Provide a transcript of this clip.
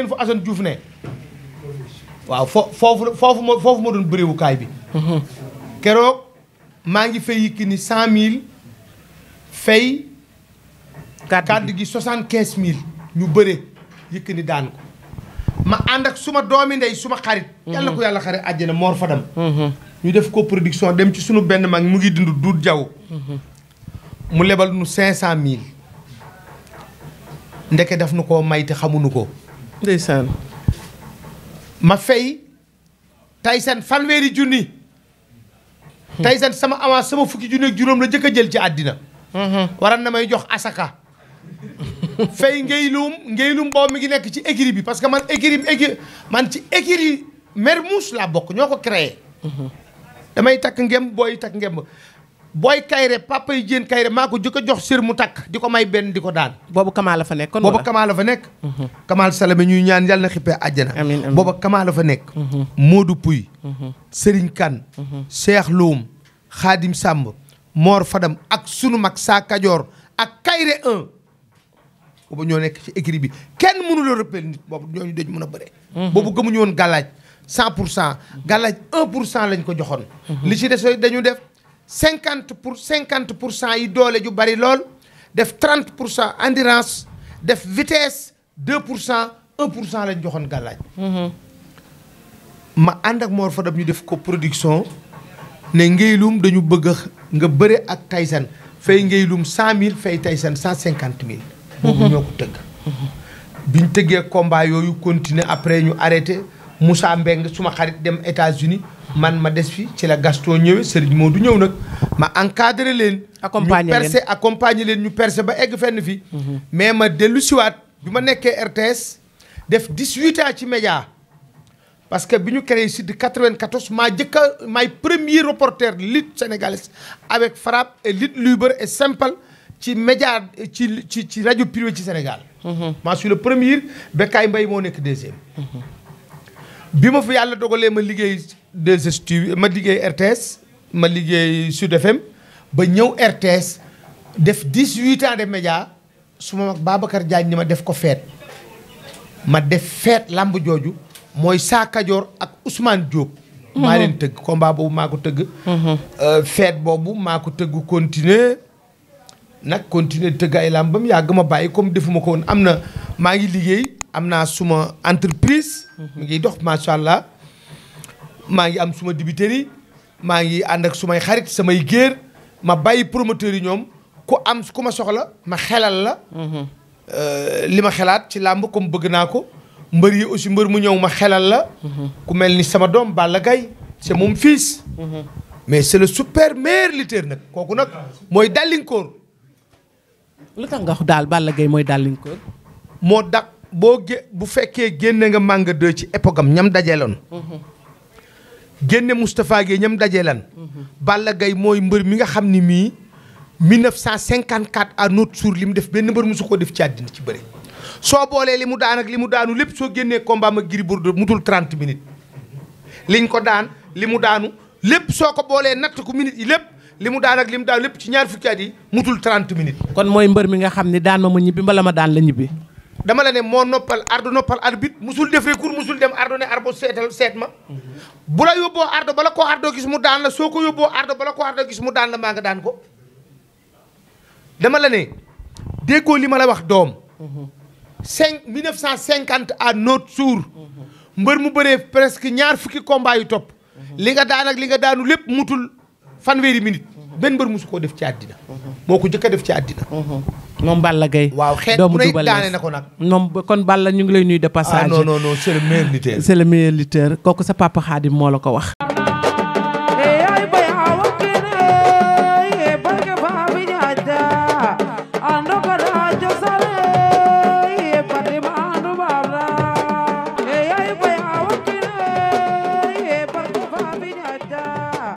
ngeen fu Assane Diouf ne waaw foofu foofu foofu ma doon bëriwukaay bi keroog maa ngi fay Yékini cent mille fay kàddu gi soixante quinze mille ñu bëre Yékini daan ko ma ànd ak suma doomi ndey suma xarit mhm. yàlla ko yàlla xarit àjjana Mor Fadam mhm. ñu def ko production dem ci suñu benn mag mu ngi dund duut jaww mhm. mu lebal nu cinq cent mille ndeke daf nu koo may te xamuñu ko ndeysaan ma fay Tyson fanweeri junni hmm. Tyson sama avance sama fukki junni ak juróom la jëkk a jël ci àddina hmm. waran na may jox asaka fay ngeylum ngeylum boobu mi ngi nekk ci écurie bi parce que man écurie man ci écurie Mermoz laa bokk ñoo ko créé hmm. damay takk ngemb booy takk ngemb booy kayre papa yi jéen kayre maa ko jëkk jox sër mu takk di ko may benn di ko daan boobu kamaa fa nekk kon boobu kamaa la fa nekk mhm. kamaal salame ñuy ñaan yàlla na xippee àjjana amiin booba kamaa la fa nekk mhm. Modou Pouy mhm. Serigne Kane Cheikh Loum Khadim sàmb Mor Fadam ak sunu mag saa Kajoor ak kayre 1 boobu ñoo nekk ci écrit bi kenn mënu la rëppeel nit boobu ñooñu a bëre boobu gëmuñu woon gàllaaj cent pour cent gàllaaj un pour cent lañ ko joxoon li ci des dañu def cinquante pour cinquante pour cent yi doole ju bari lool def trente pour cent endurance def vitesse deux pour cent un pour cent lañ joxoon gàllaaj mm-hmm. ma ànd ak Mor Fadam ñu def ko production ne Ngaylum dañu bëgg nga bëre ak Tyson fay Ngaylum cent mille fay Tyson cent cinquante mille boobu ñoo ko tëgg mm-hmm. biñ tëggee combat yooyu continuer après ñu arrêté Moussa Mbeng suma xarit dem États-Unis man ma des fi ci la Gaston ñëwee moo du ñëw nag ma encadré leen. accompagner leen ñu accompagner leen ñu percé ba egg fenn fi. Mhm. mais ma dellu siwaat bi ma nekkee RTS def 18 ans ci média parce que bi ñu si créé Sud 94 maa jëkk a maay premier reporter lutte sénégalaise avec frappe et lutte libre e simple ci média ci ci ci rajo privé ci Sénégal. Mhm. maa suis le premier Bécaye Mbaye moo nekk deuxième. Mhm. bi ma fi yàlla dogalee ma liggéey. 2STV ma liggéey RTS ma liggéey Sud FM ba ñëw RTS def 18 ans de média su ma mag Babacar Diagne ni ma def ko feet ma def feet làmb jooju mooy saa Kajoor ak Ousmane Diop. maa leen tëgg combat boobu maa ko tëgg. Mhm. Euh, feet boobu maa ko tëgg continuer nag continuer tëgg ay lamb ba mu yàgg ma bàyyi comme defuma ko woon am na maa ngi liggéey am naa suma entreprise. mu mhm. ngi dox macha allah. maa ngi am suma dibiteri maa ngi ànd ak sumay xarit samay géer ma bàyyi promoteurs yi ñoom ku am ku ma soxla ma xelal la. Mhm. Euh, li ma xelaat ci làmb comme bëgg naa ko mbër yi aussi mbër mu ñëw ma xelal la. Mhm. ku mel ni sama doom Balla Gaye c'est mon fils. Mhm. mais c'est le super meilleur lutteur nag kooku nag mooy dàllinkoor. lu tax nga daal Balla gay mooy dàllinkoor. moo daq boo ge bu fekkee génne nga màng deux ci épogam ñam dajeeloon. génne Moustapha Guèye ñam dajee lan. Balla gay mooy mbër mi nga xam ni mii 1954 à notre jour li mu def benn mbër su koo def ci àddina ci bëri. soo boolee li mu daan ak li mu daanu lépp soo génnee combat ma Gris Bordeaux mutul 30 minutes liñ ko daan li mu daanu lépp soo ko boolee natt ku minutes yi lépp li mu daan ak li mu daanu lépp ci ñaar fukki at yi mutul 30 minutes. kon mooy mbër mi nga xam ni daan ma ma ñibbi mbala ma daan la ñibbi. dama la ne moo noppal ardu noppal arbitre musul def recours musul dem ardo ne arbo seetal seet ma mhm. bu la yóbboo ardo bala koo ardo gis mu daan la soo ko yóbboo ardo bala koo gis mu daan la maa nga daan ko dama la ne déggoo li ma la wax doom mhm. cinq mille neuf cent cinquante à not jour mhm. mbër mu bëree presque ñaar fukki combat yu topp li nga daan ak li nga daanu lépp mutul fanweeri minute benn mbër musu koo def ci àddina moo ko jëkk def ci àddina moom Balla Gaye waaw xeet doomu Double ko nag moom kon Balla ñu ngi lay nuy de passage. ah non non kooku sa papa Khadim moo la ko wax.